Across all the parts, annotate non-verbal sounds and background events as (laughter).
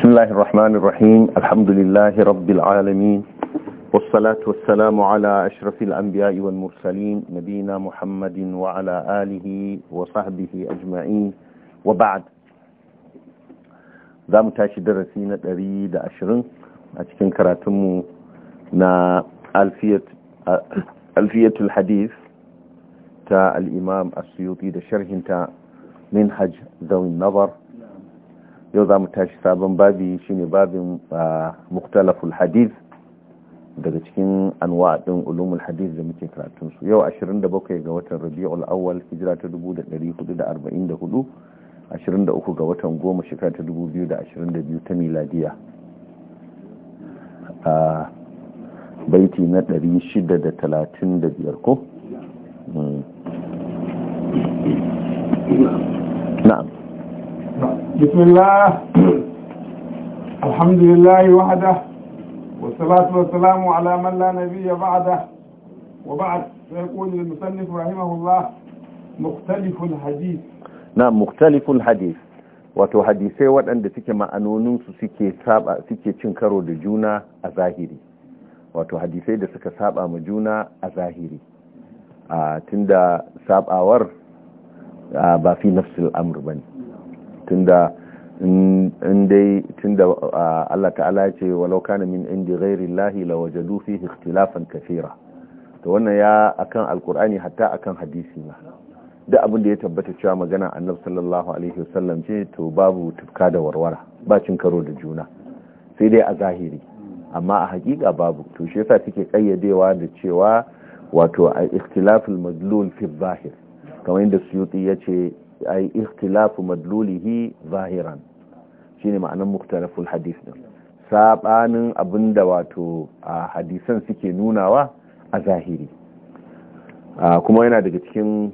بسم الله الرحمن الرحيم الحمد لله رب العالمين والصلاة والسلام على أشرف الأنبياء والمرسلين نبينا محمد وعلى آله وصحبه أجمعين وبعد ذا متاشد الرسينة أريد أشرن أتكن كراتمو نا ألفية, ألفية الحديث تا الإمام السيوطي دا شرح تا منهج ذوي النظر yau za mu tashi sabon babi shine babin ah, muktalaful hadith daga cikin an din ulumul hadith da muke karatun su yau 27 ga watan rabi'ul awwal hijira ta 1444 23 ga watan goma shekara ta 2022 ta miladiya a ah, baiti na 635 ko hmm. na'am بسم الله (clears throat) الحمد لله وحده والصلاة والسلام على من لا نبي بعده وبعد سيقول المصنف رحمه الله مختلف الحديث نعم مختلف الحديث wato hadisai waɗanda suke ma'anoninsu suke cin karo da juna a zahiri wato hadisai da suka saba ma juna a zahiri a tunda sabawar ba fi nafsul amr bane tunda in tunda Allah ta'ala ya ce walau kana min indi ghairi llahi wajadu fihi ikhtilafan kathira to wannan ya akan alqur'ani hatta akan hadisi ma duk abin da ya tabbata cewa magana annab sallallahu alaihi wasallam ce to babu tufka da warwara ba cin karo da juna sai dai a zahiri amma a hakika babu to shi yasa take kayyadewa da cewa wato a ikhtilaful madlul fi zahir kamar yadda suyuti yace ay ikhtilafu madlulihi zahiran shine ma'anan muktalaful hadith din sabanin abinda wato a hadisan suke nunawa a zahiri kuma yana daga cikin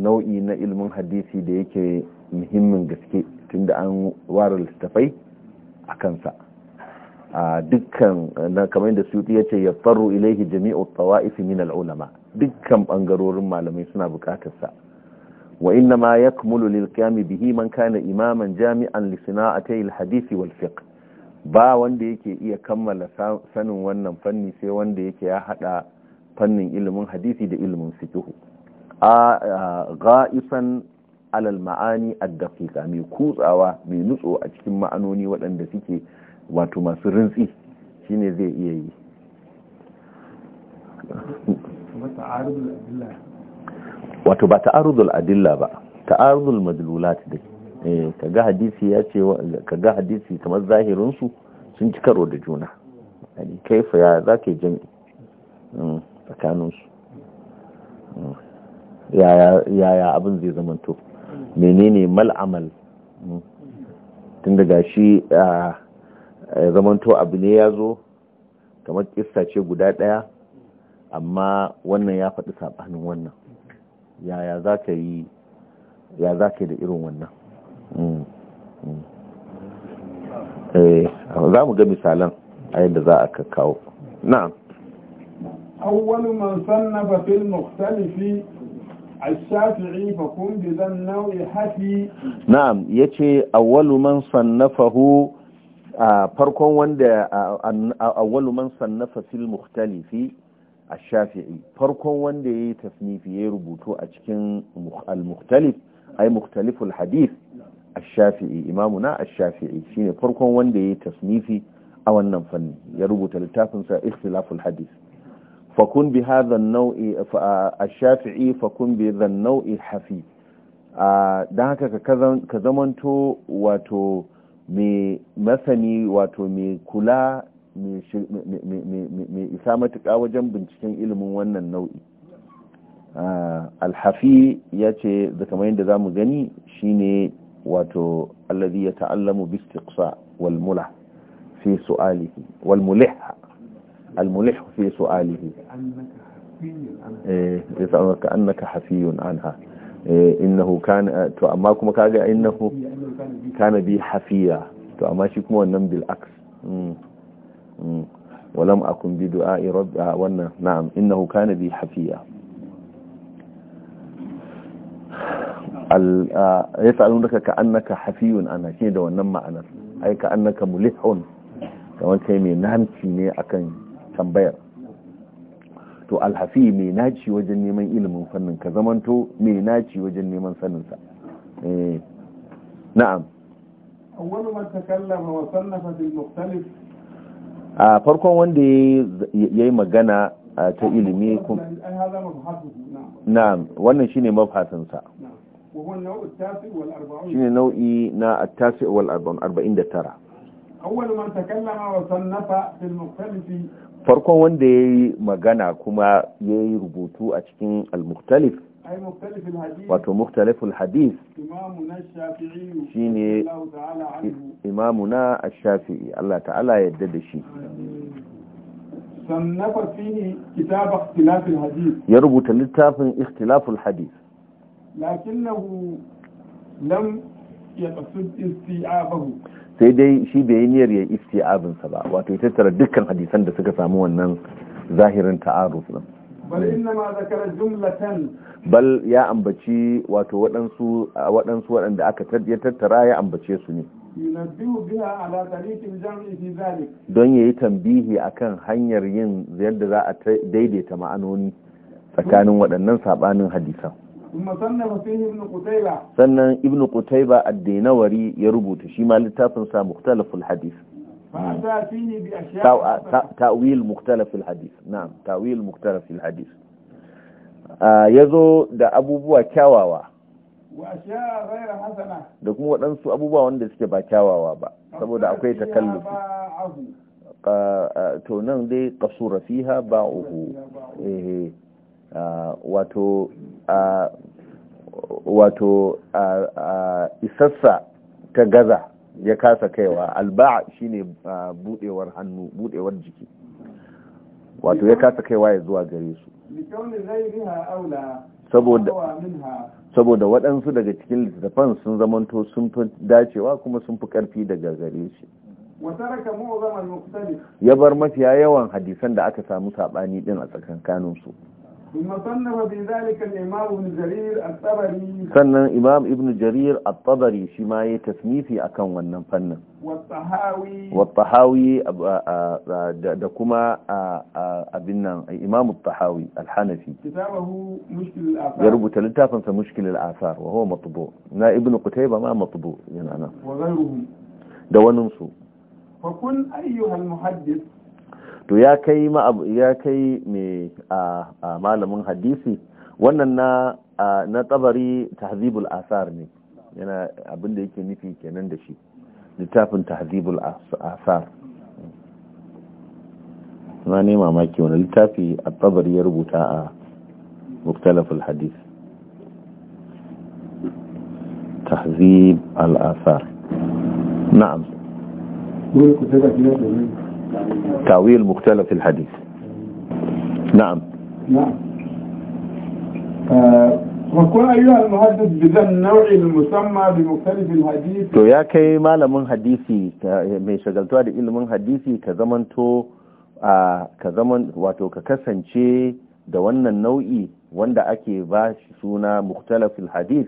nau'i na ilimin hadisi da yake muhimmin gaske tunda an ware littafai a kansa dukkan na kamar da suyuti ya ce ya faru ilaihi jami'u isi min al'ulama dukkan ɓangarorin malamai suna buƙatarsa wa inna ma yakmulu lil qiyami bihi man kana imaman jami'an li a al hadisi wal ba wanda yake iya kammala sanin wannan fanni sai wanda yake ya hada fannin ilimin hadisi da ilimin sikihu a ga'isan alal ma'ani a addaqiqa mai kutsawa mai nutso a cikin ma'anoni waɗanda suke wato masu rintsi shine zai iya yi wato ba ta arzul adilla ba arzul madlulat dai eh, kaga hadisi ya ce kaga hadisi kamar zahirin su sun ci karo da juna kai fa ya zaka jin hmm, tsakanin su hmm. yaya ya abin zai to menene mal'amal hmm. tun daga shi to abu ne ya zo kamar kissa ce guda daya amma wannan ya faɗi saɓanin wannan yaya za ka yi ya za ka yi da irin wannan mm, mm. Eh, za mu ga misalan a yadda za a kakkawo na awwalu man sannafa fil mukhtalifi الشافعي فكن بذا النوع حفي نعم يتي أول من صنفه farkon وند أول من صنف في المختلف a shafi'i farkon wanda ya yi tasnifi ya rubutu a cikin al-mukhtalif ai mukhtaliful hadith a shafi'i imamuna a shafi'i shine farkon wanda ya yi tasnifi a wannan fanni ya rubuta littafinsa ikhtilaful hadith fakun bi hadha an-naw'i shafii fakun bi hadha an-naw'i hafi dan haka ka zamanto wato mai masani wato mai kula mai isa matuƙa wajen binciken ilimin wannan nau'i ah, alhafi ya ce da kamar yadda za mu gani shine wato allazi ya ta'allamu bi istiqsa wal mula fi su'alihi wal mulih al mulih fi su'alihi eh yasalunka annaka hafiyun anha eh, innahu kana to amma kuma kaga innahu kana bi hafiya to amma shi kuma wannan bil aks hmm. Mm. walam akun bi du'a'i rabbi wannan na'am innahu kana bi hafiya ya sa'alun daga ka annaka hafiyun ana shi da wannan ma'anar ai ka annaka mulihun kamar kai mai namci ne akan tambayar to alhafi mai naci wajen neman ilimin fannin ka zamanto mai naci wajen neman saninsa eh, na'am a farkon wanda ya yi magana ta ilimi na wannan shi ne mafhasinsa shi ne nau'i na attasi wal arba'in da tara farkon wanda ya yi magana kuma ya yi rubutu a cikin al-muktalif wato muktaliful hadis shi ne imamuna a shafi'i Allah ta'ala ya yadda da shi ya rubuta littafin ikhtilaful hadis sai dai shi bai yi niyyar ya isti'abinsa ba wato ya tattara dukkan hadisan da suka samu wannan zahirin ta'aruf din bal ya ambaci wato waɗansu waɗansu waɗanda aka tattara ya ambace su ne don ya yi tambihi akan hanyar yin yadda za a daidaita ma'anoni tsakanin waɗannan saɓanin hadisan sannan ibn qutayba ad wari ya rubuta shi ma littafin sa Muktalaful Hadis. فأتى فيه بأشياء تأويل مختلف في الحديث yazo da abubuwa kyawawa da kuma waɗansu abubuwa wanda suke ba kyawawa ba saboda akwai takallufi to nan dai kasura fiha ba'uhu eh wato wato isassa ta gaza ya kasa kaiwa alba shine ah, budewar hannu budewar jiki wato ya kasa kaiwa ya zuwa gare su saboda waɗansu daga cikin littattafan sun zamanto sun fi dacewa kuma sun fi ƙarfi daga gare shi ya bar mafiya yawan hadisan da aka samu saɓani ɗin a tsakankaninsu sannan imam ibn jarir at-tabari shi ma ya tasnifi akan wannan fannin wattahawi da kuma abin nan imam at-tahawi al-hanafi ya rubuta littafinsa mushkil al-asar wa huwa matbu na ibn qutayba ma matbu yana nan da waninsu fa kun ayyuhal muhaddith to ya kai ya kai mai a malamin hadisi wannan na na tsabari tahzibul asar ne yana abin da yake nufi kenan da shi littafin tahzibul asar na ne mamaki wani littafi a tsabari ya rubuta a muktalafin hadis tahzib al-asar na'am تاويل مختلف الحديث نعم نعم وكن أيها المحدث بذا النوع المسمى بمختلف الحديث to ya kai malamin hadisi mai shagaltuwa da ilimin hadisi ka zamanto ka wato ka kasance da wannan nau'i wanda ake ba shi suna muktalafil hadis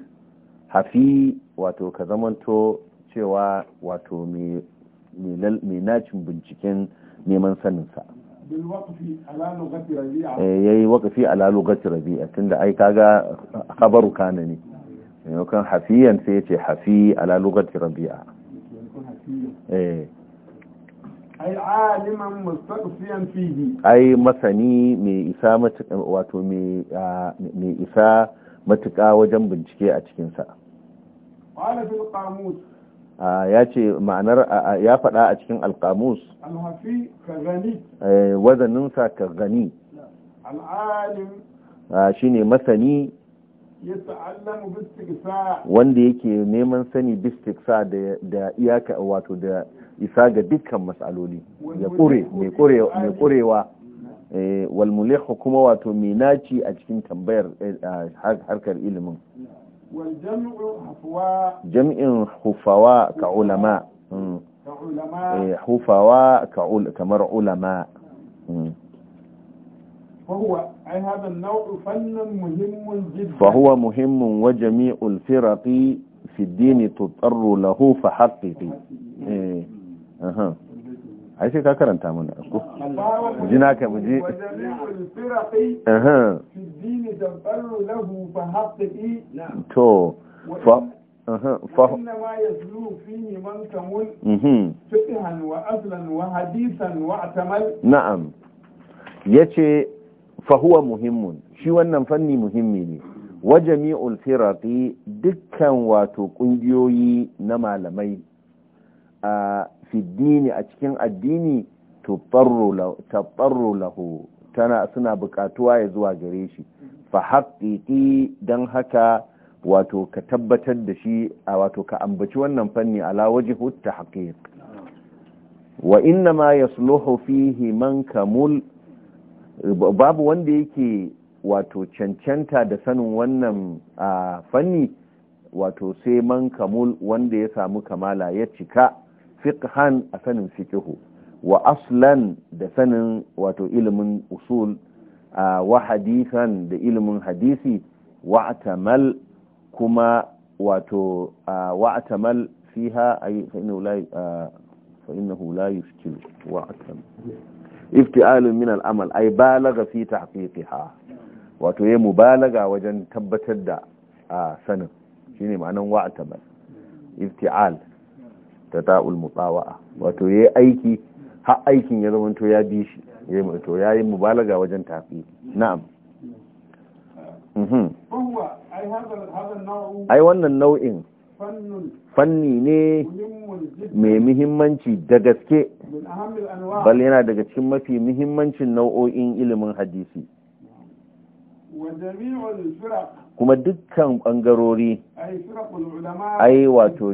hafi wato ka zamanto cewa wato mai nacin binciken neman saninsa eh, ya yi waƙafi a lugati rabi'a tunda ai kaga habaru kana ne maimakon hafiyan sai ya ce hafi a lugati rabi'a eh. ai masani mai isa wato mai isa matuƙa wajen bincike a cikinsa. ya ce ma'anar ya faɗa a cikin alkamus wazaninsa ka gani shi ne masani wanda yake neman sani bistiksa da iyaka wato da isa ga dukkan matsaloli ya kure mai kurewa eh, walmulekha kuma wato mai naci a cikin tambayar eh, harkar ilimin والجمع حفواء جمع حفواء كعلماء كعلماء إيه، حفواء كعل كمر علماء فهو هذا النوع فن مهم جدا فهو مهم وجميع الفرق في الدين تضطر له فحققي إيه. اها ai sai ka karanta mana ko ji na ka ji eh to fa فإنما يسلو فيه من كمل فقها وأصلا وحديثا واعتمل نعم يتي فهو مهم شي wannan fanni muhimmi ne wa jami'ul firaqi dukkan wato ƙungiyoyi na malamai fi dini a cikin addini taɓarro lahu tana suna buƙatuwa ya zuwa gare shi fa haƙiƙi don haka wato ka tabbatar da shi a wato ka ambaci wannan fanni ala waje hutta haƙiƙ wa inna ma ya fihi man kamul babu wanda yake wato cancanta da sanin wannan fanni wato sai man kamul wanda ya samu kamala ya cika fiqhan a sanin fiqhu wa aslan da sanin wato ilimin usul wa hadithan da ilimin hadisi wa atamal kuma wato wa atamal fiha ay fa innahu la fa innahu la yushkilu wa atamal ifti'alun min al'amal ay balagha fi tahqiqiha wato yayi mubalaga wajen tabbatar da sanin shine ma'anan wa atamal ifti'al ta'ul mutsawa'a wato yayi aiki har aikin ya zama to ya bi shi yayi to yayi mubalaga wajen tafi na'am mhm ai wannan nau'in fanni ne mai muhimmanci da gaske bal yana daga cikin mafi muhimmancin nau'o'in ilimin hadisi kuma dukkan ɓangarori ai wato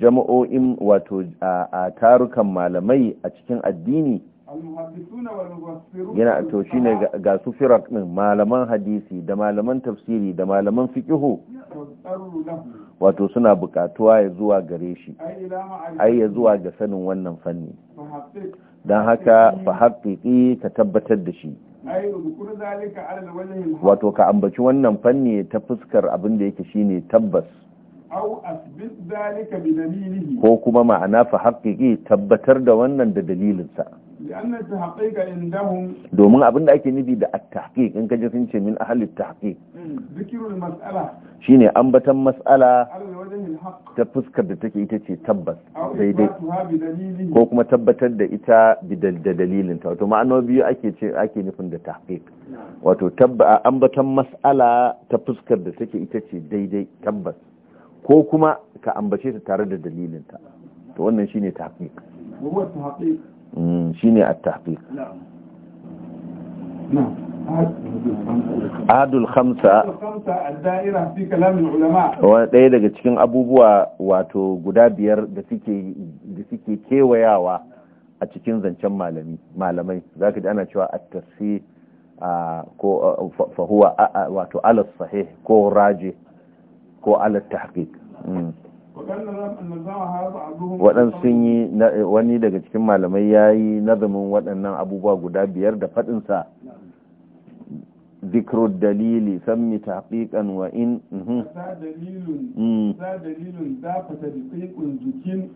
jama'o'in wato a tarukan malamai a cikin addini yana to ne ga su firak ɗin malaman hadisi da malaman tafsiri da malaman fiƙihu wato suna bukatuwa ya zuwa gare shi ai ya zuwa ga sanin wannan fanni don haka fa haƙiƙi ka tabbatar da shi wato ka ambaci wannan fanni ta fuskar abin da yake shine tabbas ko kuma ma'ana fa haƙiƙi tabbatar da wannan da dalilinsa domin abin da ake nufi da at-tahqiq in kaje sun ce min ahli at-tahqiq zikirul mas'ala shine ambatan mas'ala ta fuskar da take ita ce tabbas daidai ko kuma tabbatar da ita da dalilin ta wato ma'ano biyu ake ce ake nufin da tahqiq wato tabba ambatan mas'ala ta fuskar da take ita ce daidai tabbas ko kuma ka ambace ta tare da dalilin ta to wannan shine tahqiq Mm, shine a tahqiq Adul Khamsa wani ɗaya daga cikin abubuwa wato guda biyar da suke kewayawa a cikin zancen malamai za ka ji ana cewa tafi ko fahuwa wato alas sahih ko raje ko alas tahqiq mm. waɗansu yi wani daga cikin malamai ya yi nazamin waɗannan abubuwa guda biyar da faɗinsa zikro dalili sammi ta haƙiƙan wa in mhm. mm.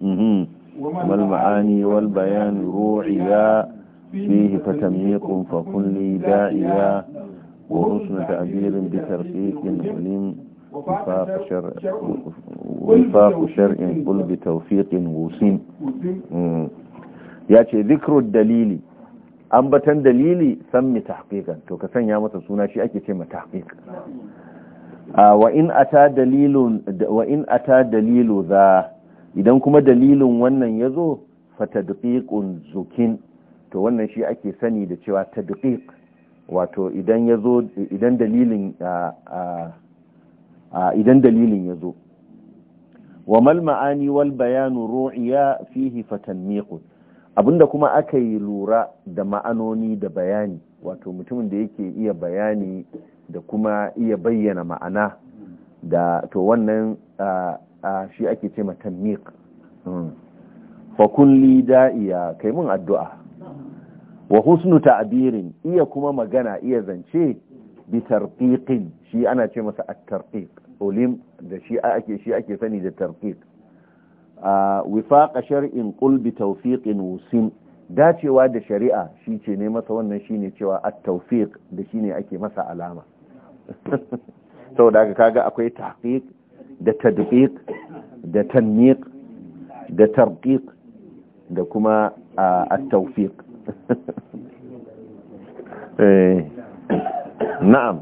mhm. malma'ani wal bayan ruhi ya fi hifata miƙun fa kulli da'iya wa rusun ta abirin bitar fiƙin ilimin وفاق شرع وفاق شرع قل بتوفيق وسين ya ce zikrun dalili ambatan dalili san mi tahqiqan to ka sanya masa suna shi ake ce ma tahqiq wa in ata dalilun dalilu za idan kuma dalilin wannan yazo fa tadqiqun zukin to wannan shi ake sani da cewa tadqiq wato idan yazo idan dalilin idan dalilin ya zo wa mal ma'ani wal bayanu ru'iya fihi fatanmiqu abinda kuma aka yi lura da ma'anoni da bayani wato mutumin da yake iya bayani da kuma iya bayyana ma'ana da to wannan shi ake ce matanmiq hmm. fakun li da'iya kai mun addu'a wa husnu ta'birin iya kuma magana iya zance bitarqiqin shi ana ce masa at-tarqiq ulim da shi ake shi ake sani da tarqiq wifaqa shar'in qul bi tawfiqin wusim dacewa da shari'a shi ce ne masa wannan shi ne cewa at-tawfiq da shi ne ake masa alama (laughs) saboda haka kaga akwai tahqiq da tadqiq da tanmiq da tarqiq da kuma at-tawfiq (laughs) eh. na'am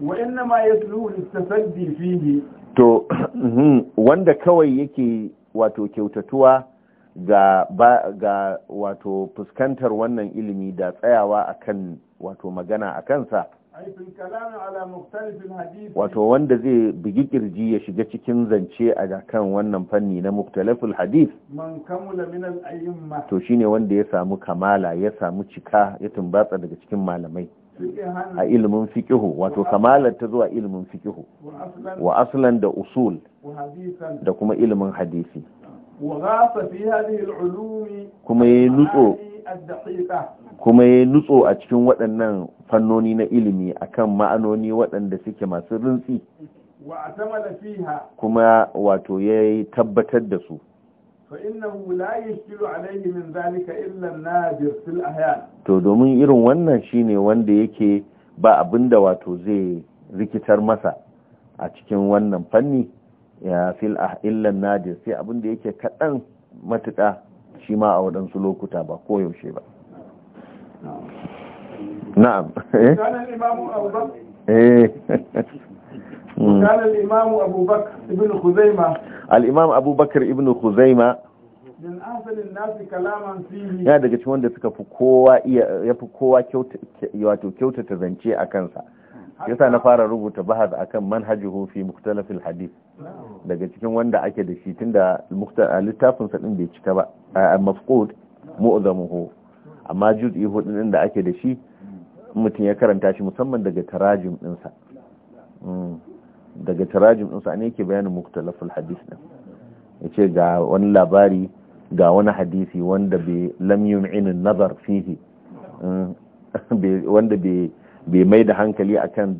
wa yatluhu listasaddi fihi to mhm, wanda kawai yake wato kyautatuwa ga ba ga fuskantar wannan ilimi da tsayawa akan wato magana a kansa wato wanda zai bugi kirji ya shiga cikin zance a kan wannan fanni na muktalaful hadith to shine wanda ya samu kamala ya samu cika ya tumbatsa daga cikin malamai a ilimin fiƙihu wato kamalar ta zuwa ilimin fiƙihu wa aslan da usul da kuma ilimin hadisi kuma ya nutso kuma ya nutso a cikin waɗannan fannoni na ilimi akan ma'anoni waɗanda suke masu rintsi kuma wato ya tabbatar da su فإنه لا يشكل عليه من to domin irin wannan shine wanda yake ba abinda wato zai rikitar masa a cikin wannan fanni ya fil illan nadir sai abinda yake kaɗan matuka shi ma a waɗansu lokuta ba ko yaushe ba eh? (laughs) كان الإمام أبو بكر ابن خزيمة الإمام أبو بكر ابن خزيمة من asalin الناس كلاما فيه ya daga cikin wanda ya fi kowa kyautata zance a kansa yasa na fara rubuta bahas akan manhajuhu fi mukhtalafil hadith daga cikin wanda ake da shi tunda littafin sa din bai cika ba mafqud mu'zamuhu amma juz'i hudu din da ake da shi mutum ya karanta shi musamman daga tarajim din sa daga tarajim ɗinsa ne yake bayanin muktalafin hadis ɗin ya ce ga wani labari ga wani hadisi wanda bai lam inin nazar fihi eh, (laughs) wanda bai mai da hankali akan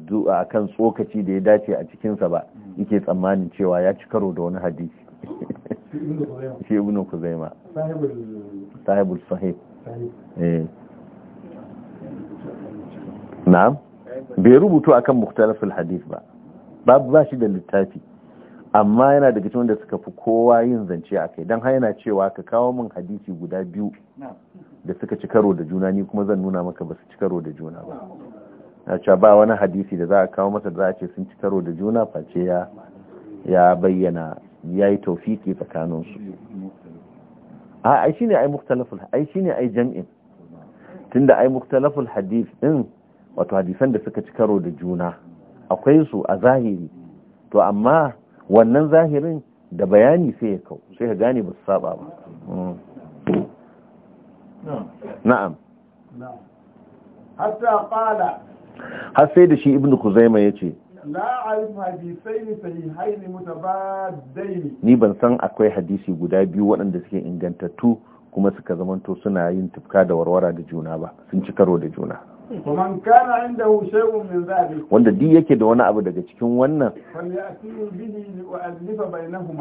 kan tsokaci da ya dace a cikinsa ba yake tsammanin cewa ya ci karo da wani hadisi shi ibnu kuzaima sahibul sahib eh na'am bai rubutu akan muktalafin hadis ba babu ba shi da littafi amma yana daga cikin da suka fi kowa yin zance a kai don yana cewa ka kawo min hadisi guda biyu da suka ci karo da juna ni kuma zan nuna maka ba su ci karo da juna ba na cewa ba wani hadisi da za a kawo masa da za a ce sun ci karo da juna face ya ya bayyana ya yi taufiki tsakaninsu a ai shi ne ai muktalaful ai shi ne ai jam'in tunda ai muktalaful hadis din wato hadisan da suka ci karo da juna akwai su a zahiri to amma wannan zahirin da bayani sai ya kau sai ka gane ba su saba ba mm. na'am hatta kala har sai da shi ibnu kuzaima ya ce. ni ban san akwai hadisi guda biyu waɗanda suke ingantattu kuma suka zamanto suna yin tufka da warwara da juna ba sun ci karo da juna wanda duk yake da wani abu daga cikin wannan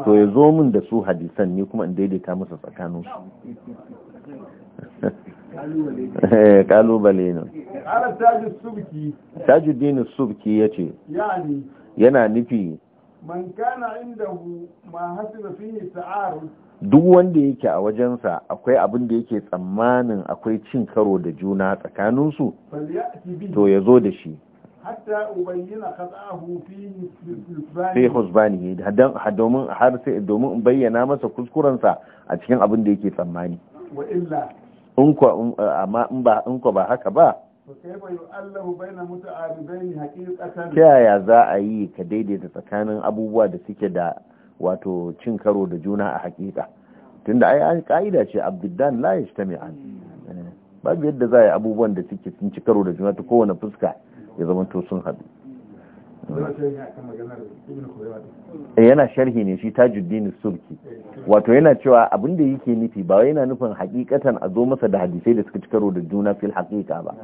to ya zo min da su hadisan ni kuma in daidaita masa tsakanin su eh, kalubale ne tajuddin subki ce, yana nufi duk wanda yake a wajensa akwai abin da yake tsammanin akwai cin karo da juna tsakaninsu to ya zo da shi sai husbani domin har sai domin in bayyana masa kuskurensa a cikin abin da yake tsammani eh, amma in ko ba haka ba ta yaya za a yi ka daidaita tsakanin abubuwa da suke da wato cin karo da juna a hakika tunda ai an ka'ida ce abdullahi la yajtami'an eh, babu yadda za a yi abubuwan da suke sun ci karo da juna ta kowane fuska ya zama to sun haɗu eh, yana sharhi ne shi ta tajuddin sulki wato yana cewa abin da yake nufi ba yana nufin hakikatan a zo masa da hadisai da suka ci karo da juna fil hakika ba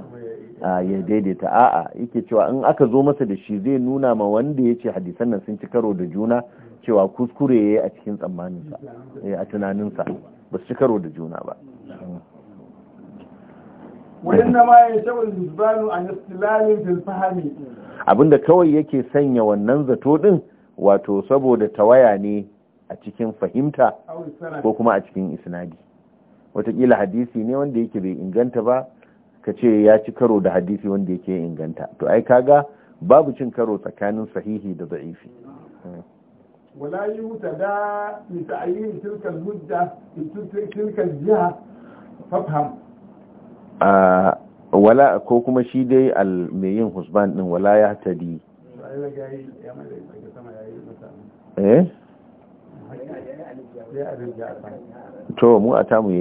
ya daidaita a'a yake cewa in aka zo masa da shi zai nuna ma wanda ya ce hadisan nan sun ci karo da juna cewa kuskure ya yi a cikin tsammaninsa eh, a tunaninsa ba su ci karo da juna ba abinda kawai yake sanya wannan zato din wato saboda tawaya ne a cikin fahimta ko kuma a cikin isnadi watakila hadisi ne wanda yake bai inganta ba ka ce ya ci karo da hadisi wanda yake inganta to ai kaga babu cin karo tsakanin sahihi da da'ifi wala yi wuta da mita'ayin tilkal mudda tilkal jiha fafham wala ko kuma shi dai al mai yin husband din wala ya tadi eh to mu a tamu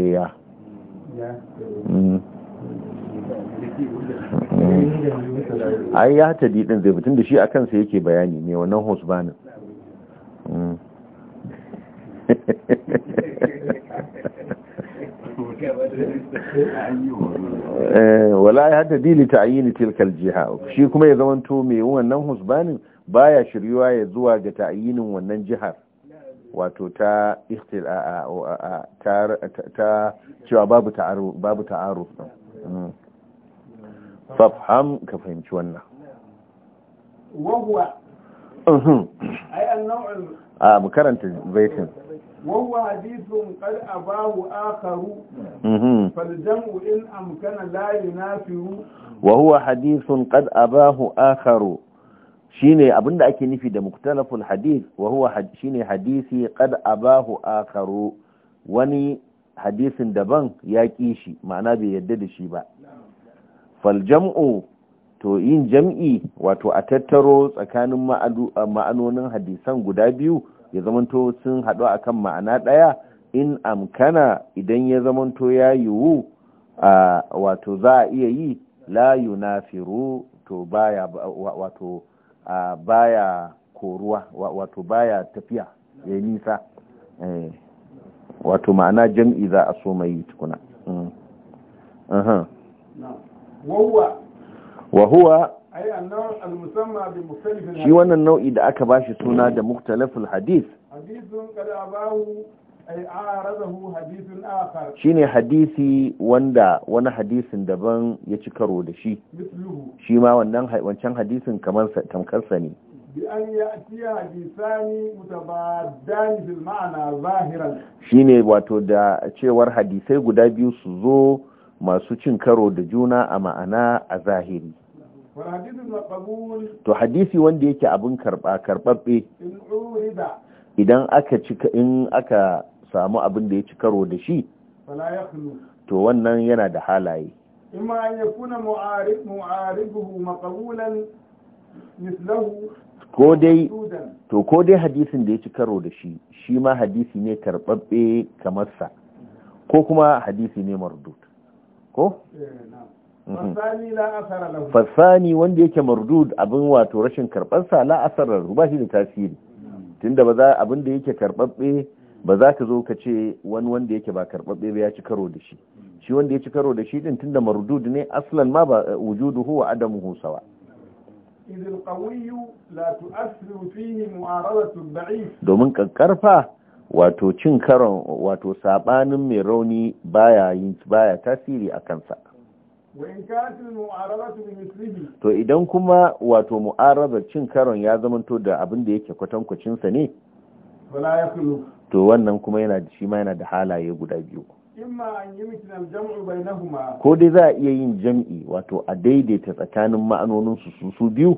ai ya hata didin zai fitin da shi a kansa yake bayani mai wannan husbanin hmm. (laughs) eh, wala ya hada dili ta ayyini tilkal jiha shi kuma ya zama to mai wannan husbanin baya shiryuwa ya zuwa ga ta'ayinin wannan jihar wato ta ta cewa babu ta'aruf hmm. fafham ka fahimci wannan wahuwa ai وهو حديث قد فالجمع لا وهو حديث قد shine abinda ake nufi da muktalaful hadith wa shine hadisi qad abahu akharu wani hadisin daban ya ƙi shi ma'ana bai yadda da shi ba faljam'u to yin jam'i wato a tattaro tsakanin ma'anonin hadisan guda biyu ya zamanto sun haɗu akan ma'ana ɗaya in amkana idan ya zamanto ya yiwu wato za a iya yi la yunafiru to baya wato baya koruwa wato baya tafiya ya nisa eh, wato ma'ana jam'i za a so mai tukuna mm. Wahuwa, shi wannan nau'i da aka bashi suna da muktalafin hadith shi ne hadisi wanda wani hadisin daban ya ci karo da shi shi ma wannan wancan hadisin tamkarsa ne Shi ne wato da cewar hadisai guda biyu su zo masu cin karo da juna a ma'ana a zahiri to hadisi wanda yake abin karba karbabbe idan aka cika in aka samu abin da ya ci karo da shi to wannan yana da halaye Ima ya kuna mu'arifu maqbulan mislahu ko dai to ko dai hadisin da ya ci karo da shi shi ma hadisi ne karbabbe kamar sa ko kuma hadisi ne mardut. ko eh, mhm. fasani wanda yake mardud abin wato rashin karɓarsa la asarar ba shi da tasiri tunda ba za abin da yake karɓaɓɓe ba za ka zo ka ce wani wanda yake ba karɓaɓɓe ba ya ci karo da shi hmm. shi wanda ya ci karo da shi din tunda mardud ne aslan ma ba wujudu eh, wujuduhu wa adamuhu sawa domin ƙaƙƙarfa wato cin karon wato sabanin mai rauni baya yin baya tasiri a kansa to idan kuma wato mu'arabar cin karon ya zamanto da abin da yake kwatankwacinsa ne to wannan kuma yana shi ma yana da halaye guda biyu ko dai za a iya yin jam'i wato a daidaita tsakanin ma'anonin su su biyu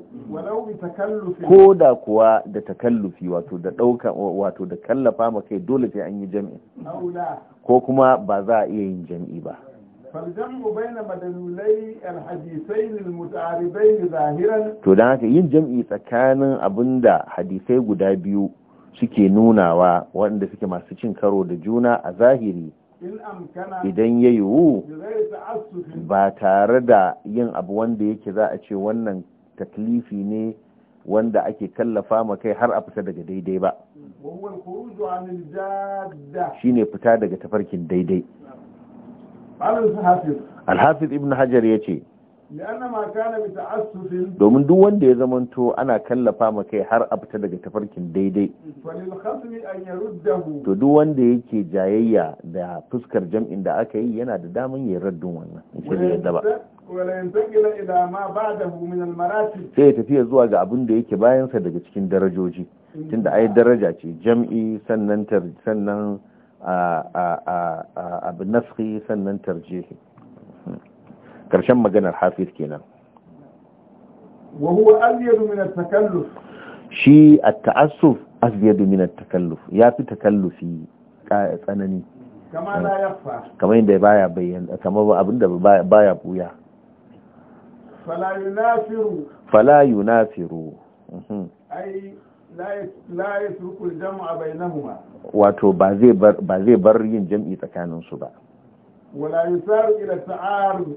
ko da kuwa da takallufi wato da ɗauka wato da kallafa ma kai dole sai an yi jam'i ko kuma ba za a iya yin jam'i ba to don haka yin jam'i tsakanin abinda hadisai guda biyu suke nunawa waɗanda suke masu cin karo da juna a zahiri idan ya yiwu ba tare da yin abu wanda yake za a ce wannan taklifi ne wanda ake kallafa ma kai har a fita daga daidai ba shi ne fita daga tafarkin daidai alhafiz ibn hajar ya ce domin duk wanda ya zamanto ana kallafa ma kai har a fita daga tafarkin daidai to duk wanda yake jayayya da fuskar jam'in da aka yi yana da daman ya raddun wannan in shi da yadda ba sai ya tafiya zuwa ga abin da yake bayansa daga cikin darajoji tunda ai daraja ce jam'i sannan sannan a a sannan tarjihi karshen maganar hafiz kenan وهو أزيد من التكلف shi a ta'assuf asbiyadu min at-takalluf ya fi takallufi tsanani kamar la yakhfa kamar inda baya bayyana kamar abinda baya buya fala yunafiru fala yunafiru mhm. ai la yasruku al-jam'a bainahuma wato ba zai bar yin jam'i tsakanin su ba wala yusaru ila ta'aru.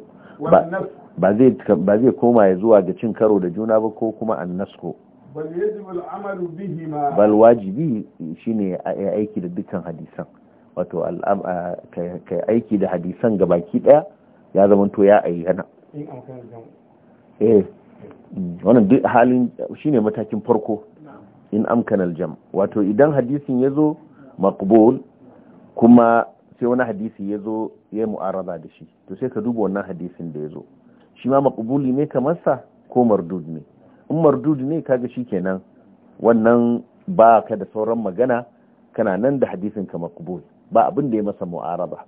ba zai koma ya zuwa ga cin karo da juna ba ko kuma annasko bal wajibi shine ya aiki da dukkan hadisan wato kai aiki da hadisan ga baki daya ya zamanto ya ayyana eh. wannan duk halin shine matakin farko in amkanal jam wato idan hadisin ya zo makbul kuma sai wani hadisi ya zo ya yi da shi to sai ka duba wannan hadisin da ya zo shi ma makubuli ne kamar sa ko mardud ne in mardud ne kaga shi kenan wannan ba ka da sauran magana kana nan da hadisin ka makubul ba abin da ya masa mu'araba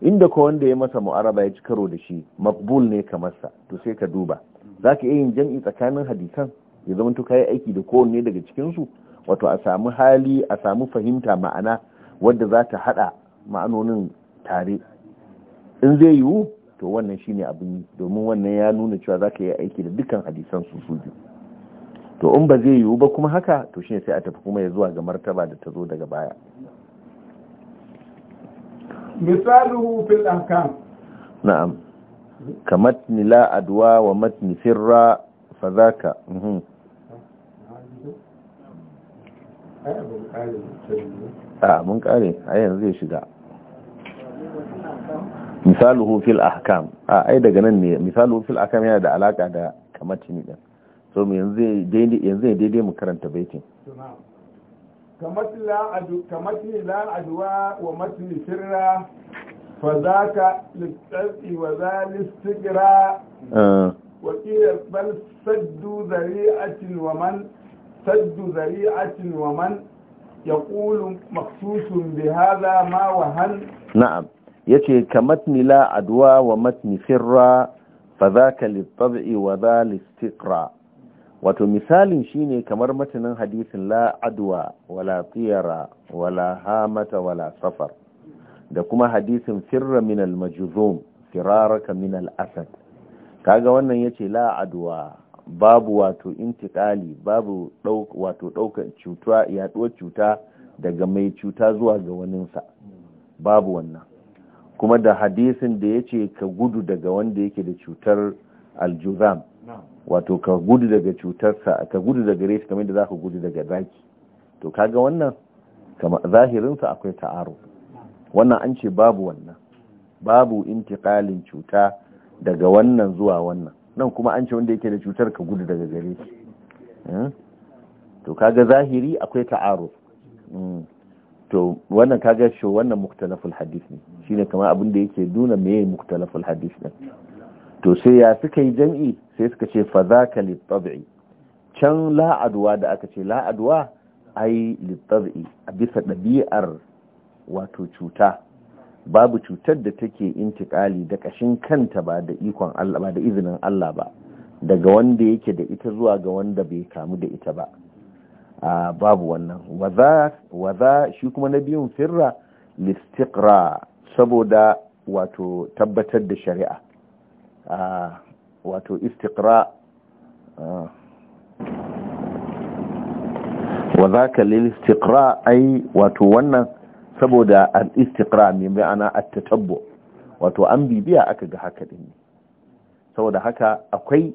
inda ko wanda ya masa mu'araba ya ci karo da shi makbul ne kamar sa to sai ka duba za ka iya yin jam'i tsakanin hadisan ya zama to kayi aiki da kowanne daga cikinsu wato a samu hali a samu fahimta ma'ana wadda za ta hada ma'anonin tare in zai yiwu to wannan shi ne abin domin wannan ya nuna cewa za ka yi aiki da dukkan hadisan su su biyu to in ba zai yiwu ba kuma haka to shine sai a tafi kuma ya zuwa ga martaba da ta zo daga baya misaluhu fil ahkam na'am ka matni wa matni sirra mhm. a mun kare a yanzu zai shiga misaluhu a ahkam a ai daga nan ne misaluhu a ahkam yana da alaka da kamacin ne ɗan so mu yanzu ya daidai mu karanta baitin kamacin la adwa wa matni sirra fa zaka littafi wa zalistigra wa qila bal saddu zari'atin wa saddu zari'atin wa man يقول مخصوص بهذا ما وهل نعم يتي كمتن لا أدوى ومتن فرا فذاك للطبع وذا للاستقراء wato misalin shine kamar matanin hadisin la adwa wala tiyara wala hamata wala safar da kuma hadisin firra min al-majzum firaraka min al-asad kaga wannan yace la adwa babu wato intikali babu wato ɗaukar cuta yaɗuwar cuta daga mai cuta zuwa ga waninsa babu wannan kuma da hadisin da ya ce ka gudu daga wanda yake da cutar aljuzam wato ka gudu daga cutarsa ka gudu daga reshi kamar da za ka gudu daga zaki to kaga wannan zahirinsa akwai ta'aro wannan an ce babu wannan babu intikalin cuta daga wannan zuwa wannan nan kuma an ce wanda yake da cutar ka gudu daga gare shi eh? to kaga zahiri akwai ta'aru. Mm. to wannan kaga shi wannan muktalaful hadith ne shine kamar abin da yake duna meye muktalaful hadith din to sai ya suka yi jam'i sai suka ce fa zaka tab'i can adwa da aka ce adwa ai litab'i a bisa ɗabi'ar wato cuta babu cutar da take intikali da kashin kanta ba da ikon Allah ba da izinin Allah ba daga wanda yake da ita zuwa ga wanda bai kamu da ita ba a babu wannan waza shi kuma na biyun firra listiqra saboda wato tabbatar da shari'a wato istiqra waza ka lil istiqra ai wato wannan saboda al-istiqra mai ma'ana at-tatabbu wato an bibiya aka ga haka din ne saboda haka akwai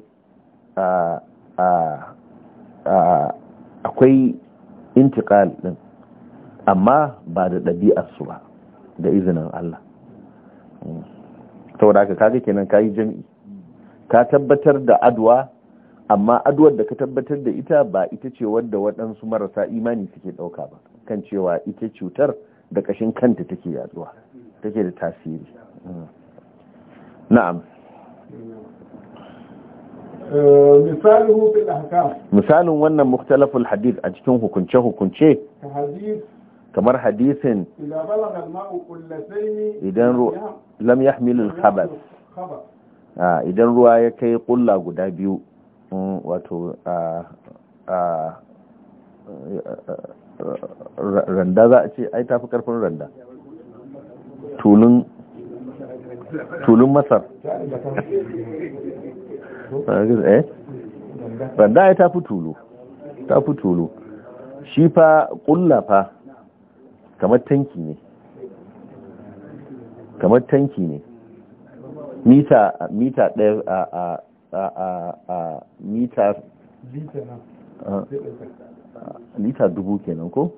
akwai intiqal din amma ba da ɗabi'ar su ba da izinin Allah hmm. saboda haka kaga kenan kayi jami'i ka tabbatar da adwa amma aduwar da ka tabbatar da ita ba ita ce wadda waɗansu marasa imani suke ɗauka ba kan cewa ita cutar da kashin kanta take yaduwa take da tasiri na'am eh, misalin wannan muktalaful hadith a cikin hukunce-hukunce kamar hadisin idan lam yahmilul idan ruwa ya kai kulla guda biyu mm, wato randa za a ce ai tafi karfin randa tulun masar eh? randa ya tafi tulu tafi tulu shi fa kulla fa kamar tanki ne kamar tanki ne mita mita ɗaya a a a a mita lita dubu kenan ko?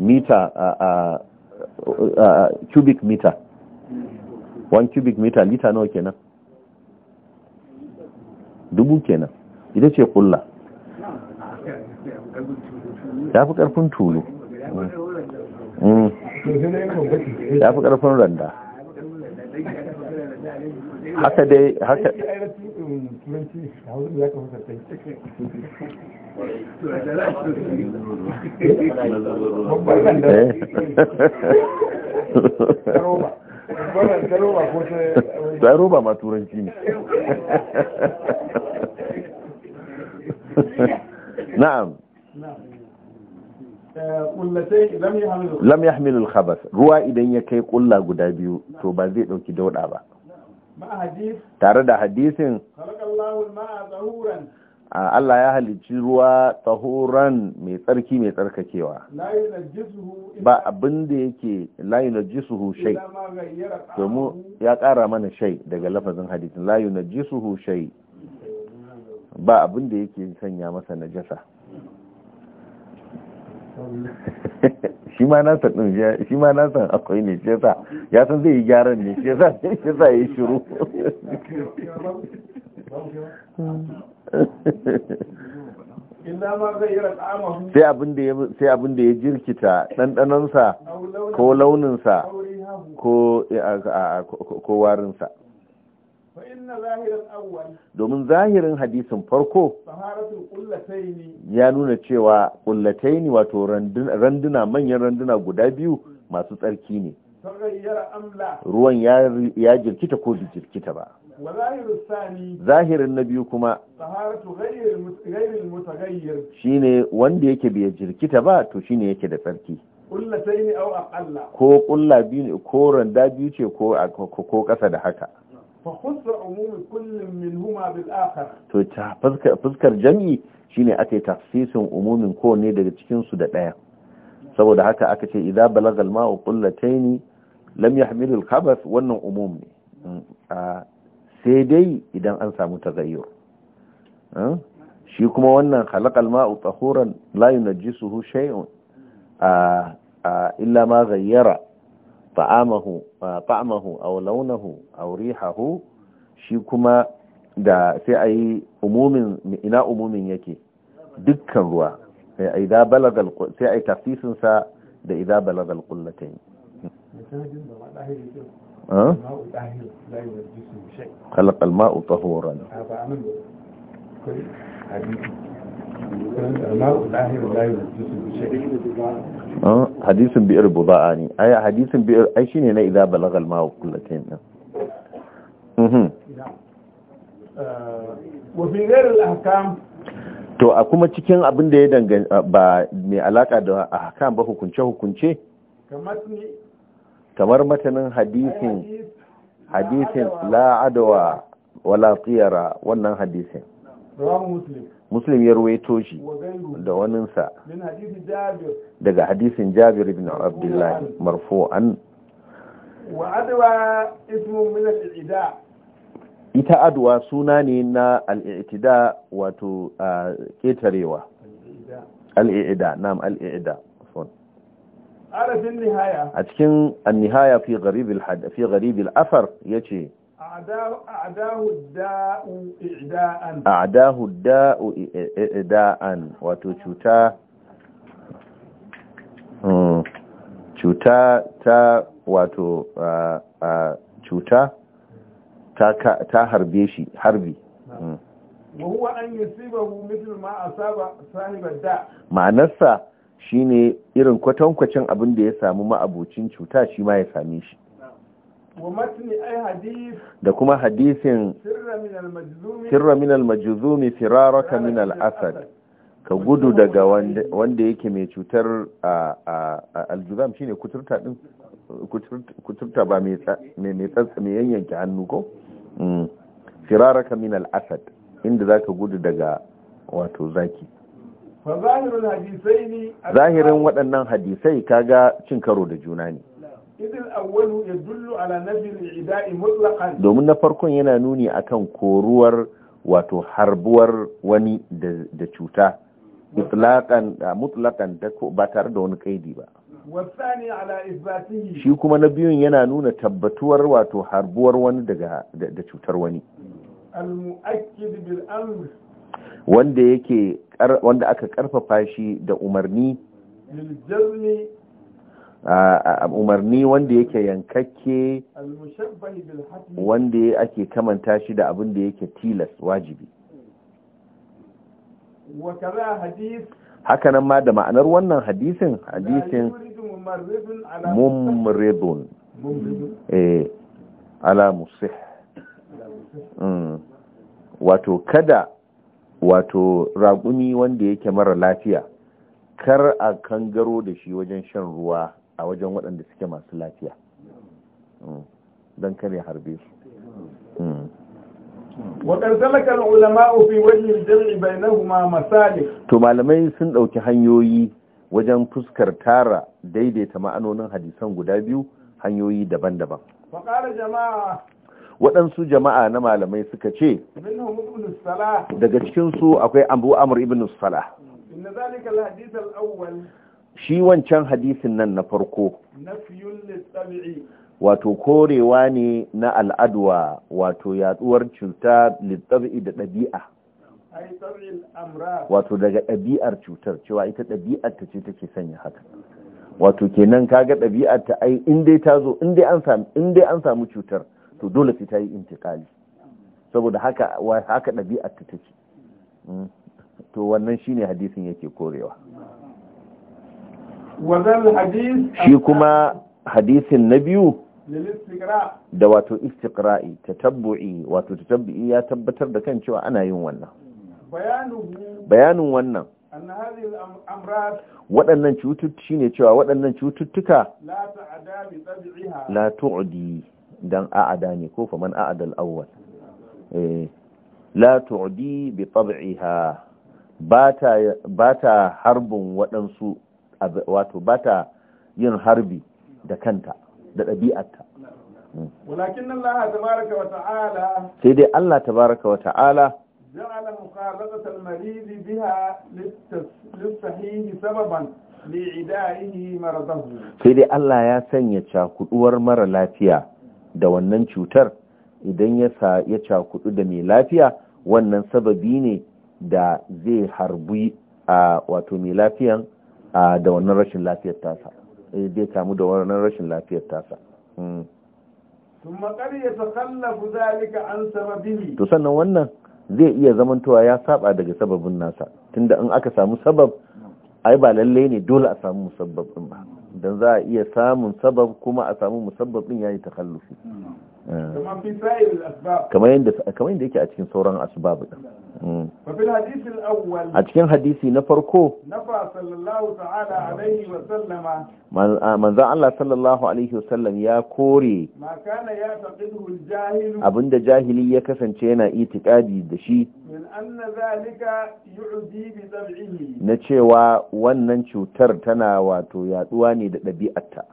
mita a cubic mita 1 cubic mita lita nawa kenan dubu kenan ita ce kulla ya fi karfin tulu ya fi karfin randa haka dai haka ta eh. (laughs) ma turanci ne (laughs) na'am lam ya hamilu khabath ruwa idan ya kai kulla guda biyu to ba zai dauki dauda ba tare da hadisin Allah ya halicci ruwa tahuran mai tsarki mai tsarkakewa ba abin da yake la yunajjisuhu hushai domin ya ƙara mana shai daga lafazin hadisin la yunajjisuhu hushai ba abin da yake sanya masa na jasa (laughs) shi ma na san akwai ne shi yasa ya san zai yi gyaran ne shi yasa ya yi shiru (laughs) (laughs) sai abin da ya jirkita ɗanɗanonsa ko launinsa ko eh, warinsa domin zahirin hadisin farko ya nuna cewa ƙullatai ne wato randuna manyan randuna guda biyu masu tsarki ne ruwan ya jirkita ko bi jirkita ba zahirin na biyu kuma Shi ne wanda yake bai jirkita ba to shi ne yake da tsarki ko kulla biyu ne ko randa biyu ce ko kasa da haka to ta fuskar jam'i shine aka yi tafsisin umumin kowane daga cikinsu da ɗaya saboda haka aka ce idan balagal ma'u kullataini lam yahmilul khabath wannan umum ne mm, sai dai idan an samu ta tagayyur shi kuma wannan halakal ma'u tsahuran layu na hu shayin a illa ma gayyara fa'amahu a launahu aw rihahu shi kuma da sai a yi umumin ina umumin yake dukkan ruwa sai a yi tafisinsa da idan balagal kullatai خلق الماء طهورا hadisin bi'ir buza'a ne ai hadisin bi'ir ai shine na idza balagha wa fi ghair to a kuma cikin abin da ya danganta ba mai alaka da ahkam ba hukunce hukunce kamar matanin hadisin hadisin la adawa wala tiyara wannan hadisin muslim ya ruwaito shi da waninsa daga hadisin jabir ibn abdullahi wa adawa al'ida ita adawa suna ne na al'ida wato ketarewa al'ida nam al'ida a cikin annihaya fi gharibin fi gharibin afar yace a'dahu da'u i'da'an wato cuta hmm, cuta ta wato cuta ta harbe shi harbi hmm. ma'anarsa shine irin kwatankwacin abin da ya samu ma'abucin cuta shi ma ya same shi da kuma hadisin sirra min al-majzumi firaraka min asad ka gudu daga wanda yake mai cutar aljuzam shine kuturta din kuturta ba mai tsatsa mai yanyanke hannu ko mm. firaraka min al-asad inda zaka gudu daga wato zaki zahirin waɗannan hadisai kaga cin karo da juna ne domin na farkon yana nuni akan koruwar wato harbuwar wani da cuta mutlaƙan ba tare da wani kaidi ba shi kuma na biyun yana nuna tabbatuwar wato harbuwar wani da cutar wani wanda yake wanda aka karfafa shi da umarni umarni wanda yake yankakke wanda ake kamanta shi da abin da yake tilas wajibi hakanan ma da ma'anar wannan hadisin hadisin mumribun eh, ala musih mm. wato kada wato raƙumi wanda yake mara lafiya kar a kangaro da shi wajen shan ruwa a wajen waɗanda suke masu lafiya mm. don kare harbe su mm. waɗanda talakar ulama ofi wajen bai na kuma masali to malamai sun ɗauki hanyoyi wajen fuskar tara daidaita ma'anonin hadisan guda biyu hanyoyi daban-daban waɗansu jama'a na malamai suka ce daga cikinsu akwai abu amur ibn Sala. shi wancan hadisin nan na farko wato korewa ne na al'adwa wato yaduwar cuta littabi da ɗabi'a wato daga ɗabi'ar cutar cewa ita ɗabi'ar ta ce take sanya haka wato kenan kaga ɗabi'ar ta ai in ta zo in dai an samu cutar to dole sai ta yi intikali saboda haka haka ɗabi'ar ta take mm. to wannan shine hadisin yake korewa shi kuma hadisin na biyu da wato istiqra'i tatabbu'i wato tatabbi'i ya tabbatar da kan cewa ana yin wannan bayanin wannan waɗannan cututtuka shine cewa waɗannan cututtuka la tu'di dan a'ada ne ko man a'ada al-awwal eh, la tu'di bi tab'iha bata bata harbin waɗansu wato bata yin harbi da kanta da ɗabi'arta hmm. walakin Allah tabaraka wa ta'ala sai dai Allah tabaraka wa ta'ala ja'ala muqabata al-marid biha lit-sahih sababan li'ida'ihi maradahu sai dai Allah ya sanya cakuduwar mara lafiya da wannan cutar idan ya cakudu da mai lafiya wannan sababi ne da zai harbi a wato mai lafiyan da wannan rashin lafiyar tasa eh, zai kamu da wannan rashin lafiyar tasa hmm. to sannan wannan zai iya zamantowa ya saba daga sababin nasa tunda in aka samu sabab ai ba lallai ne dole a samu musabbab ba don za a iya samun sabab kuma a samu musabbab din yayi takallufi Eh. kamar yadda yake a cikin sauran asbab din mm. a cikin hadisi na farko manzan Allah sallallahu alaihi wasallam ya kore abinda jahili ya kasance yana itikadi da shi na cewa wannan cutar tana wato yaduwa ne da ɗabi'arta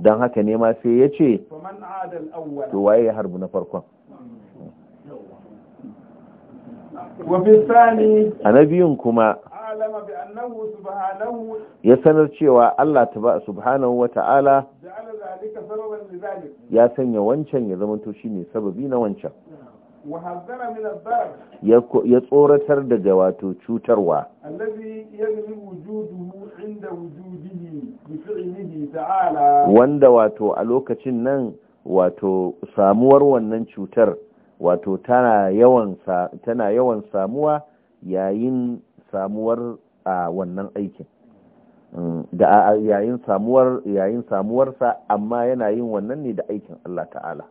don haka ne ma sai ya ce to waye ya harbu na farkon a na biyun kuma ya sanar cewa Allah subhanahu wa ta'ala ya sanya wancan ya zama to shi ne sababi na wancan ya tsoratar daga wato cutarwa wanda wato a lokacin nan wato samuwar wannan cutar wato tana yawan samuwa yayin samuwar a wannan aikin mm, da yayin samuwar yayin samuwarsa amma yana yin wannan ne da aikin Allah ta'ala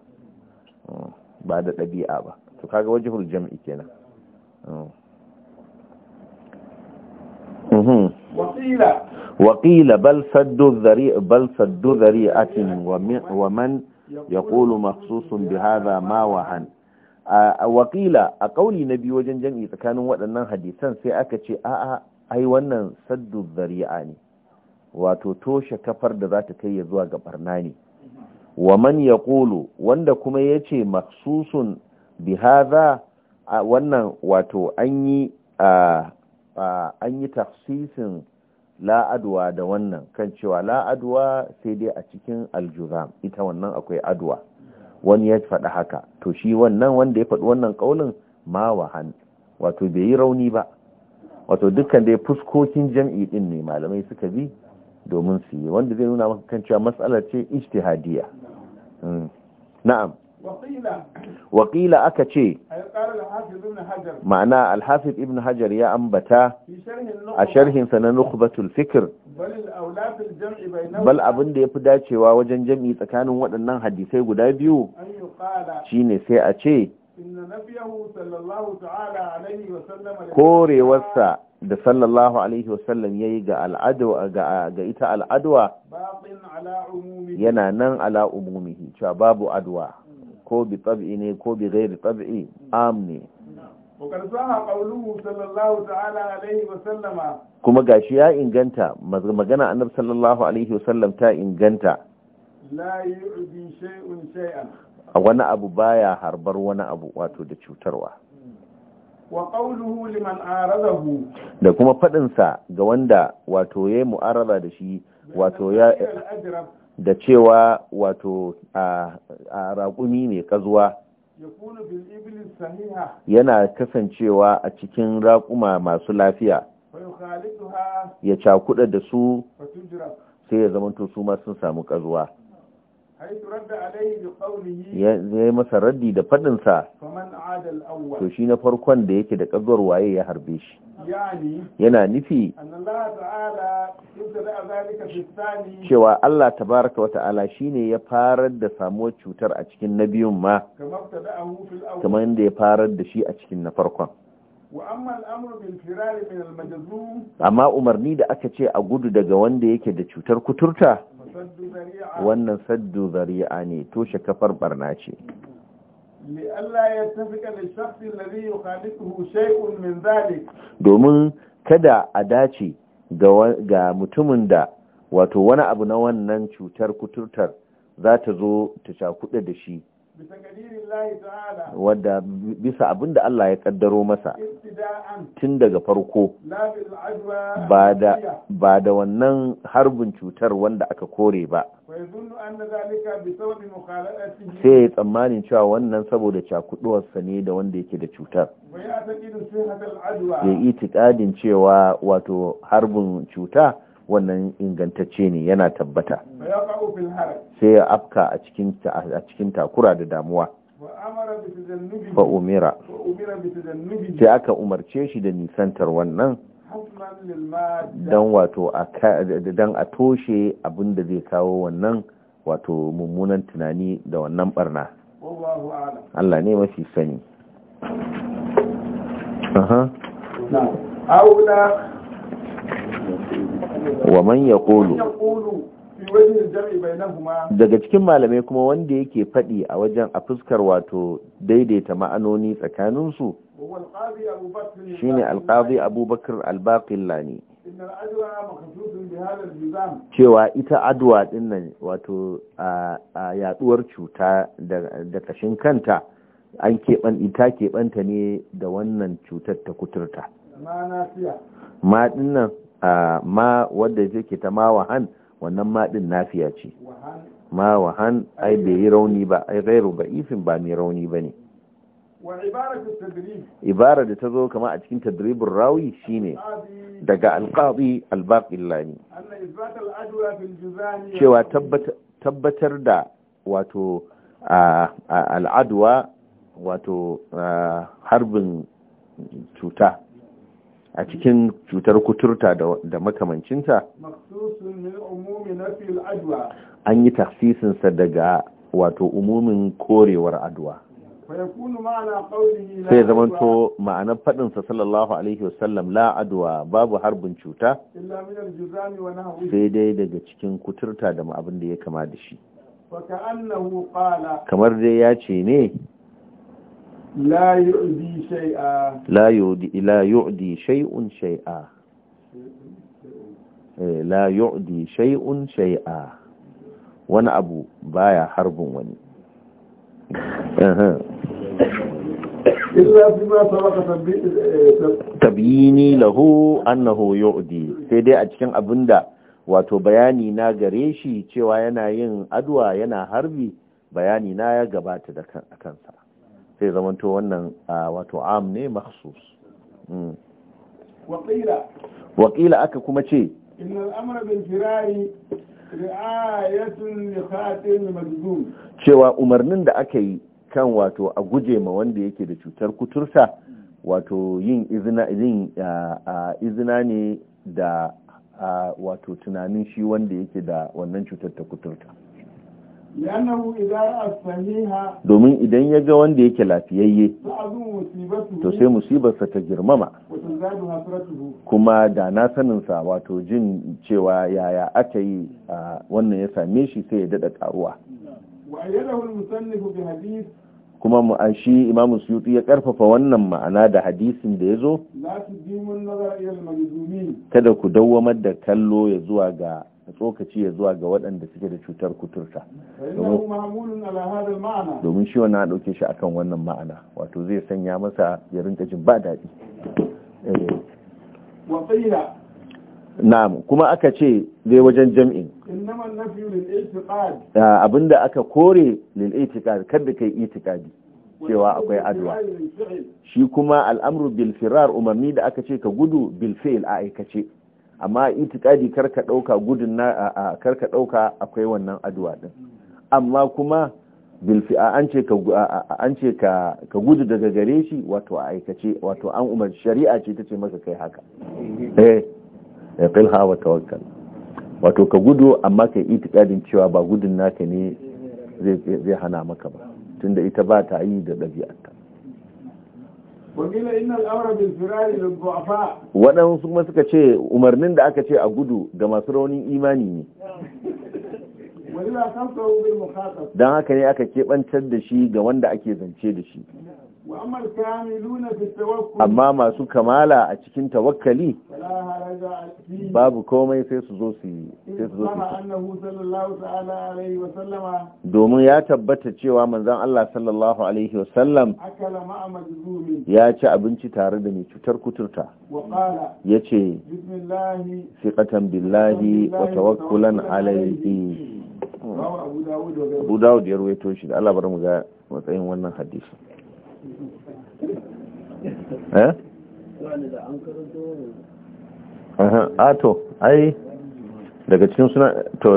mm. ba da ɗabi'a ba to kaga waje hurjam ike nan mm. waƙila bal saddu zari'atin wa man ya ƙulu sun bi haza ma wa han waƙila a ƙauli na biyu wajen jam'i tsakanin waɗannan hadisan sai aka ce a ai wannan saddu a ne wato toshe kafar da za ta kai ya zuwa ga ɓarna ne wa man yaqulu wanda kuma yace maksusun bi hadha wannan wato an yi tafsisin la'adwa da wannan kan cewa la'adwa sai dai a cikin aljuzam ita wannan akwai adwa wani ya faɗi haka to shi wannan wanda ya faɗi wannan ƙaunin ma wahan wato bai yi rauni ba wato dukkan dai fuskokin jam'i ɗin ne malamai suka bi domin su yi wanda zai nuna maka kan cewa matsalar ce ijtihadiyya Hmm. na'am waƙila aka ce ma'ana alhafiz ibn hajar ya ambata a sharhinsa na nukbatul fikir bal abin da ya fi dacewa wajen jam'i tsakanin waɗannan hadisai guda biyu shine sai a ce korewarsa da sallallahu alaihi wasallam ya yi ga ita al'adwa yana nan ala umumihi cewa babu adwa ko bi tsab'i ne ko bi gairi tsab'i am ne kuma gashi ya inganta magana annab sallallahu alaihi wasallam ta inganta la shay'un shay'an A wani abu baya harbar wani abu wato da cutarwa da kuma fadin sa ga wanda wato yayi mu'arada da shi wato ya da cewa wato a raƙumi mai kazuwa yana kasancewa a cikin raƙuma masu lafiya ya cakuɗa da su sai ya zama to su ma sun samu kazuwa ya yi masa raddi da fadinsa to shi na farkon da yake da kazuwar waye ya harbe shi yana nufi cewa Allah tabaraka wata'ala shine ya farar da samuwar cutar a cikin na biyun ma kamar yadda ya farar da shi a cikin na farkon amma umarni da aka ce a gudu daga wanda yake da cutar kuturta wannan saddu zari'a ne toshe kafar barna ce domin kada a dace ga mutumin da wato wani abu na wannan cutar kuturtar za ta zo ta cakuɗa da shi wadda bisa abin da Allah ya kaddaro masa tun daga farko ba da wannan harbin cutar wanda aka kore ba sai ya tsammanin cewa wannan saboda cakuduwarsa ne da wanda yake da cutar ya itikadin cewa wato harbin cuta wannan ingantacce ne yana tabbata sai ya afka a cikin takura da damuwa fa umira sai aka umarce shi da nisantar wannan don wato don a toshe abin da zai kawo wannan wato mummunan tunani da wannan barna Allah ne mafi sani. wa man kolo daga cikin malamai kuma wanda yake faɗi a wajen a fuskar wato daidaita ma'anoni tsakaninsu shi ne alƙazi abubakar albaƙilla ne cewa ita adwa nan wato a yaɗuwar cuta da ƙashin kanta an keɓan ita keɓanta ne da wannan cutar ta kuturta ma nan. ma wanda ya ke ta mawahan wannan ma din nafiya ce mawahan ai bai yi rauni ba ai gairu ba ifin ba mai rauni ba ne ibara da ta zo kama a cikin tadribin rawi shine daga alƙaɗi albaƙillani cewa tabbatar da wato al'aduwa wato harbin cuta a cikin cutar kuturta da makamancinta an yi tafsisinsa daga wato umumin korewar adwa sai zamanto ma'anar faɗinsa sallallahu alaihi wasallam la adwa babu harbin cuta sai dai daga cikin kuturta da abin da ya kama da shi kamar dai ya ce ne la لا shay'a شيء شيئا لا يؤدي شيء شيئا وانا ابو بايا حرب wani اها الا بما wani تبييني lahu annahu يؤدي sai dai a cikin abinda wato bayani na gare shi cewa yana yin adwa yana harbi bayani na ya gabata da kansa sai zamanto wannan wato am ne makhsus mm. aka kuma ce cewa umarnin da aka yi kan wato a guje ma wanda yake da cutar kuturta wato yin izina ne da wato tunanin shi wanda yake da wannan cutar ta kuturta domin idan ya ga wanda yake lafiyayye to sai musibarsa ta girmama kuma da na saninsa wato jin cewa yaya aka yi a wannan ya same shi sai ya daɗa ƙaruwa kuma mu shi imamu suyuti ya karfafa wannan ma'ana da hadisin da ya zo kada ku dawwamar da kallo ya zuwa ga tsokaci ya zuwa ga waɗanda suke da cutar kuturta domin shi wani ɗauke shi akan wannan ma'ana wato zai sanya masa ya rinka jin ba daɗi na'am kuma aka ce zai wajen jam'in abinda aka kore lil itiqad da kai itikadi cewa akwai adwa shi kuma al'amru bil umarni da aka ce ka gudu bil a aikace amma itikadi karka dauka gudun na karka dauka akwai wannan addu'a din amma kuma bil an ce ka an ce ka ka gudu daga gare shi wato a aikace wato an umar shari'a ce tace maka kai haka eh ha wa tawakkal wato ka gudu amma kai itikadin cewa ba gudun naka ne zai hana maka ba tunda ita ba ta yi da ɗabi'arta waɗansu kuma suka ce umarnin da aka ce a gudu ga masu raunin imani ne don haka ne aka keɓantar da shi ga wanda ake zance da shi amma masu kamala a cikin tawakkali babu komai sai su zo su yi domin ya tabbata cewa manzan Allah sallallahu alaihi wasallam ya ci abinci tare da mai cutar kuturta ya ce fiƙatan billahi wa tawakkulan alaihi abu dawud ya ruwaito shi da Allah bar mu ga matsayin wannan hadisi eh a to ai daga cikin suna to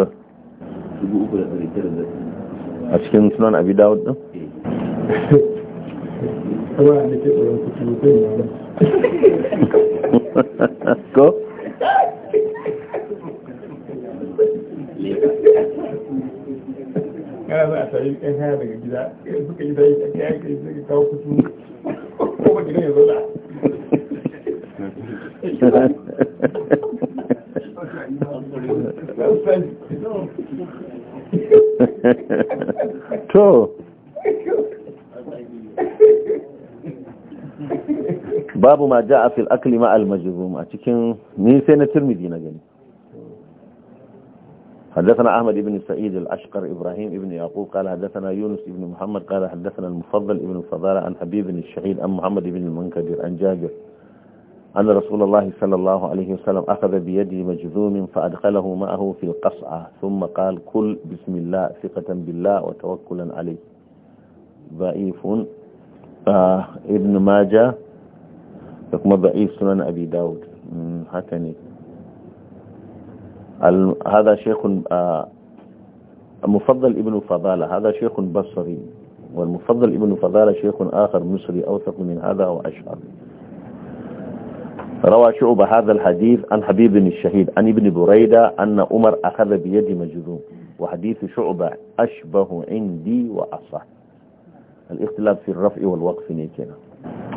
a cikin sunan abi dawud din eh. (laughs) ko (laughs) kana za a sami ɗan haya daga gida suka gida ya kai ya kai suka kawo kusu ko ba gidan ya zo da to babu ma ja'a fil akli ma al majzum a cikin ni sai na tirmidhi na gani حدثنا أحمد بن سعيد الأشقر إبراهيم بن يعقوب قال حدثنا يونس بن محمد قال حدثنا المفضل بن الفضالة عن حبيب بن الشهيد عن محمد بن المنكدر عن جابر أن رسول الله صلى الله عليه وسلم أخذ بيده مجذوم فأدخله معه في القصعة ثم قال كل بسم الله ثقة بالله وتوكلا عليه ضعيف آه ابن ماجه ثم ضعيف سنن أبي داود حكني هذا شيخ آه، مفضل ابن فضالة هذا شيخ بصري والمفضل ابن فضالة شيخ آخر مصري أوثق من هذا وأشهر روى شعب هذا الحديث عن حبيب الشهيد عن ابن بريدة أن عمر أخذ بيد مجذوم وحديث شعبة أشبه عندي وأصح الاختلاف في الرفع والوقف نيكنا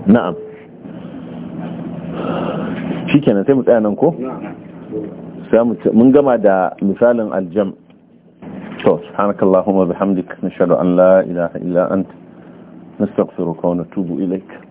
نعم شكرا تمت آنكو نعم mun gama da misalin aljam to subhanakallahumma bihamdika nashhadu an la ilaha illa anta nastaghfiruka wa natubu ilaik